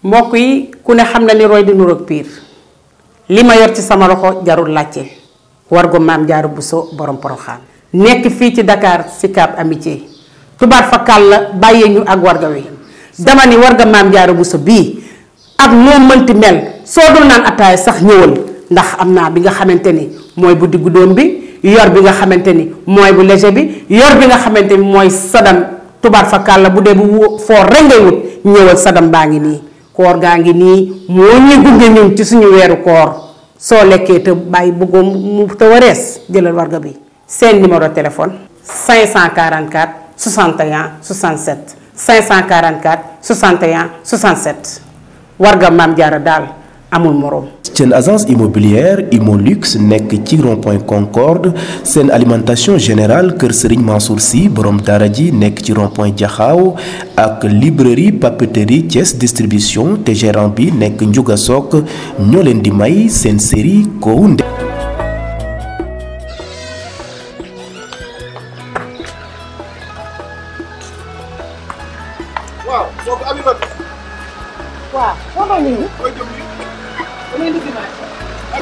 mbokk yi ku ne xam ni roy di nuroog piir li ma yor ci sama loxo jarul làcce warga maam jaaru buso borom poroxaan nekk fii ci dakar cap amitié tubaar fa kàll la bàyyee ñu ak warga wi dama ni warga maam jaaru buso bii ak noo mënti mel soo dul naan ataaya sax ñëwal ndax am bi nga xamante ni mooy bu diggu doom bi yor bi nga xamante ni mooy bu léger bi yor bi nga xamante ni mooy sadam tubaar fa kàll la bu dee bu foo rengay wut ñëwal sadam baa ngi koor gaa ngi nii moo ñu gunge ñun ci suñu weeru koor soo lekkee te bàyyi bëggoo mu te warees jëlal warga bi seen numéro téléphone 544 61 67 544 61 67 warga maam jaara daal amul morom. agence immobilière Imolux nekk ci rond point Concorde seen alimentation générale kër Serigne Mansour Sy borom dara ji nekk ci rond point ak librairie papeterie ties distribution tg rambi bi nekk Ndiouga Sok ñoo série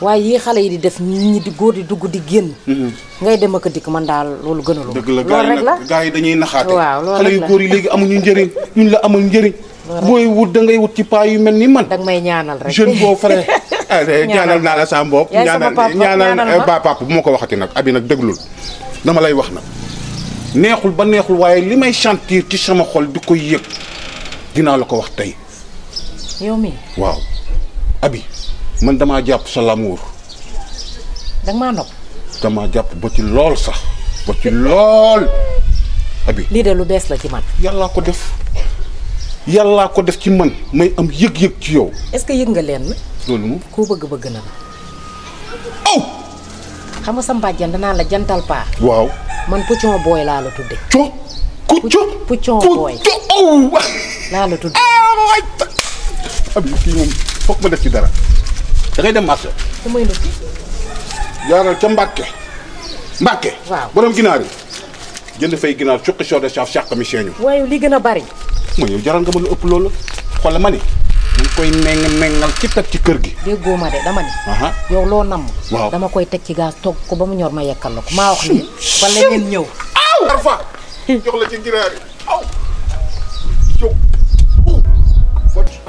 waaye yii xale yi di def nit ñi di góor di dugg di génn. Mm-hmm. ngay dem ak a dikk man daal loolu gënaloo. dëgg la gars yi nag yi dañuy naxaate. waaw loolu xale yu góor yi léegi amuñu njëriñ ñun la amul njëriñ. booy wut da ngay wut ci paa yu mel ni man. da may ñaanal rek jeune boo fare. Ah, eh, ñaanal naa la sa bopp. ñaanal ñaanal eh, ba papa bu ma ko waxati nag abi nag déglul dama lay wax nag. neexul ba neexul waaye li may sentir ci sama xol di ko yëg dinaa la ko wax tey. yow mi waaw abi man dama japp sa l'amour dang ma nop dama japp ba ci lol sax ba ci lol abi li de lu bes la ci man yalla ko def yalla ko def ci man may am yeg yeg ci yow est ce yeg nga len lolou mo ko beug beug na aw xam nga sam dana la jantal pa Wow. man pucho boy la la tuddé cio puccion pucho boy aw la la tuddé abi ki mom fokk ma def ci dara da ngay dem marché. damay ndëkki. yaaral ca Mbàkke. Mbàkke. waaw borom ginaar yi. jënd fay ginaar suqi soo saaf sàq mi seeñu. waaye li gën a bari. ma yow jaral nga ma lu ëpp loolu xoolal ma ni. ñu koy meng mengal ci teg ci kër gi. déggoo ma de dama ni. yow loo nam. waaw dama koy teg ci gaas togg ko ba mu ñor ma yekkal la ko maa wax ni ba leneen ñëw. aw parfa jox la ci ginaar yi aw.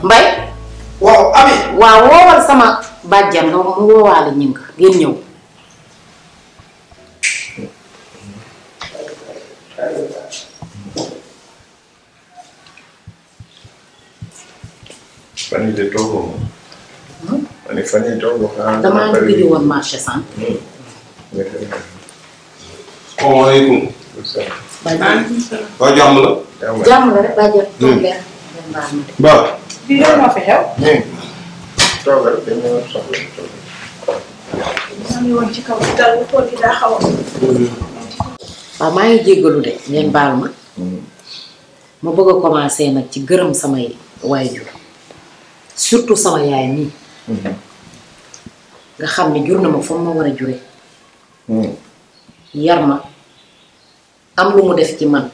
mbay. waaw Ami. waaw woowal sama. bàjjan nga mu woowaale ñing ngeen ñëw fan yii de toogoo moom hmm? man fan yii toogoo xanaa damaa ñu gëj woon marché sant hmm. salaamaaleykum waaw jàmm la jàmm la rek bàjjan toog leen baax na toogal dañoo a. maa ngi jéggalu de ngeen baal ma. Mm-hmm. ma bëgg a commencer nag ci gërëm samay waajur surtout sama yaay nii. Mm-hmm. nga xam ni jur na ma fa ma war a jure. Mm-hmm. yar ma am lu mu def ci man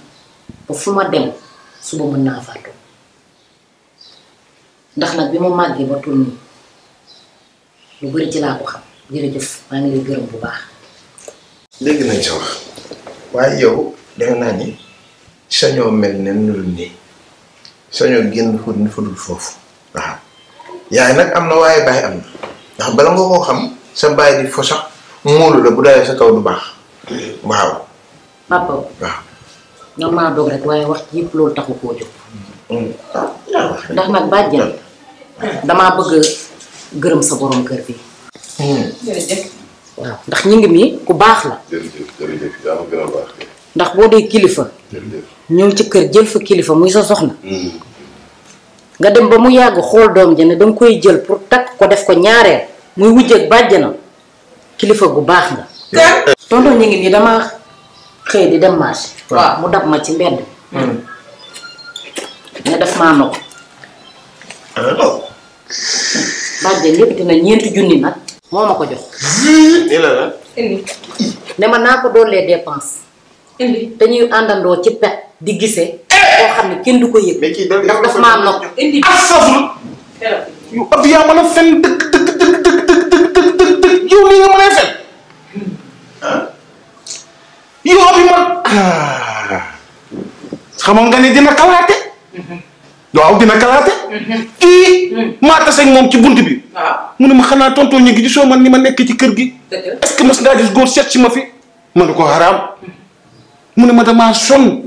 ba fu ma dem suba mën naa fàttu ndax nag bi ma màggee ba tur lu bëri ci laa ko xam jërëjëf maa sa wax waaye yow defe naa ni sañoo mel ne nu dul nii sañoo génn foofu waaw yaay nag am na waaye baay am na bala nga koo xam sa baay di fo sax muulu la bu dalee sa kaw du baax waaw. papa waaw. ñoom maa doog rek waaye wax ci yëpp loolu taxu koo jóg. Mm. ndax nag bàjjen mm. damaa bëgg. gërëm sa borom kër bi. Hmm. ndax ñu ngi mi ku baax la. ndax boo dee kilifa. ñëw ci kër jël fa kilifa muy sa soxna. Hmm. nga dem ba mu yàgg xool doom ja ne danga koy jël pour takk ko def ko ñaareel muy wujjeeg bàjjanam kilifa gu baax nga. tonton ñu ngi dama xëy di dem marché. mu dab ma ci mbedd. Hmm. ne def maa nopp. xaaj lépp dina ñeenti junni nag moo ma ko jox. nii la la. indi. ne ma naa ko doolee dépense. indi te ñuy àndandoo ci pet di gisee. koo xam ne kenn du ko yëg. mais kii daf daf maa nokk. indi ak ah, saful. yu ab yaa mën a fen dëkk dëkk dëkk dëkk dëkk dëkk dëkk yow nii nga mën a fen. Hmm. yow ab yi man. Ah. xamoon nga ni dina kalaate. Mhm. do aw dina kalaté kalaate ma tass ak mom ci buntu bi ah. mu ne ma xana tonto ñi ngi gisoo man ni ma nekk ci kër gi est ce que mas ngaa gis góor set ci ma fi ma ne ko haram mu ne ma dama son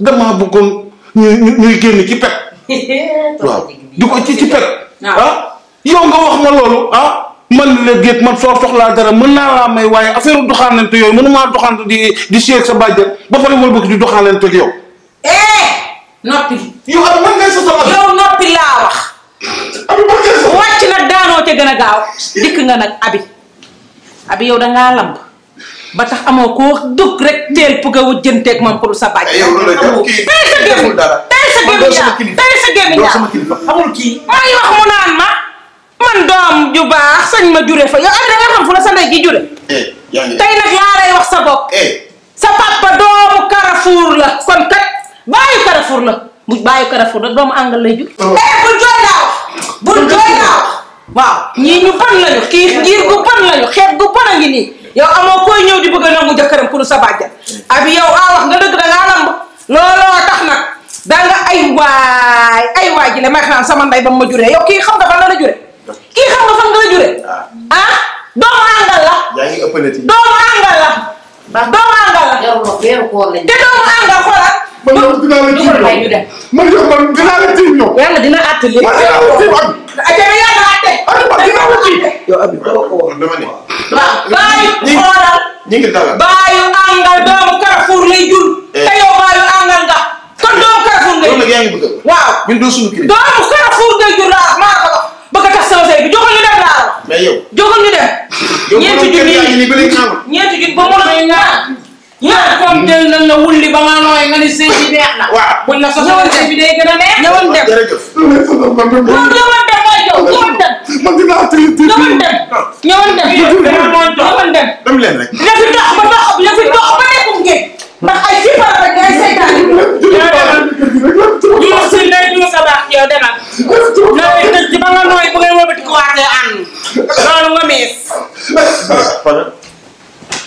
dama bëggoon ñu ñuy génn ci pet waaw du ko ci ci pet ah, ah. yow nga wax ma lolu ah man la gëp man so soxla dara man na la may waye affaire du yoy mu ne ma doxaalante di di seeg sa bàjjan ba fa pare wal bëgg di doxaalante yow Nopi, yow xam man ngay sa yow wax a gaaw nga abi abi yow da ngaa lamb ba tax amoo ko dug rek teel puga wujjanteeg moom pour sa bàcc eh, yow loolu yow kii deful dara tey sa gémmi ñaar sa gémmi amul kii maa wax mu naan ma man doom ju baax sañ ma jure fa yow da nga xam fu la sa ndey gi eh, lay baayu Carrefour la bu baayu Carrefour la doomu àngal lay jur. Oh. eh bu jooy laa wax bu jooy laa wax waaw ñii ñu bon lañu kii ngir bu bon lañu xeet bu bon a ngi nii yow amoo koy ñëw di bëgg a nangu jëkkëram pour sa bàjjan abi yow a wax nga dëgg da ngaa lamb looloo tax nag da nga ay waay ay waay ji le may xanaan sama ndey ba ma juree yow kii xam nga fan la la juree kii xam nga fan nga la juree ah. ah doomu àngal la doomu àngal la doomu àngal la te doomu àngal xoolal man yow dinaa la tiim ñoom man yow man dinaa la tiim ñoom. yàlla dina àtte lii. man dinaa la tiim Habib. ajana yàlla àtte. Habib man dinaa la tiim. yow Habib dama ko wax dama ne. waaw baayu xoolal. ñi ngi dalal baayu àngal doomu Carrefour lay jur. Eh. te yow baayu àngal nga. kon doomu Carrefour ngay jur. loolu nag yaa ngi bëgg a. waaw ñun doo suñu kii. doomu Carrefour ngay jur laa maa ko wax. bëgg a tax sama sëy bi joxal ñu dem laa. mais yow joxal ñu dem. ñeenti junni yi cocktail nan la wulli ba nga nooy nga ni sëy bi neex na. waaw buñ la sosal sëy bi day gën a neex. ñëwal dem jërëjëf. ñëwal dem waay yow ñëwal dem. man dinaa tëj tëj ñëwal dem. ñëwal dem ñëwal dem. dem leen rek. na fi dox ba dox na fi dox ba nekkum géej. ndax ay ci par rek ngay seetaan. ñu si lay ñu sa baax yow demal. looy tëj ba nga nooy bu ngay wëbati ko waatee ànd. loolu nga mees.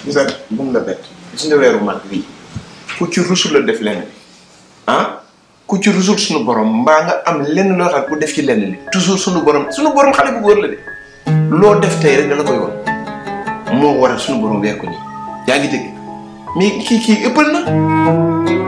gis nga bu mu la bett. gis nga weeru mag bii ku ci rusul la def lenn ah ku ci rusul suñu borom mbaa nga am lenn loo xam bu def ci lenn li toujours suñu borom suñu borom xale bu góor la de loo def tey rek dala koy woon moo waral suñu borom weer ko nii yaa ngi mais kii kii ëppal na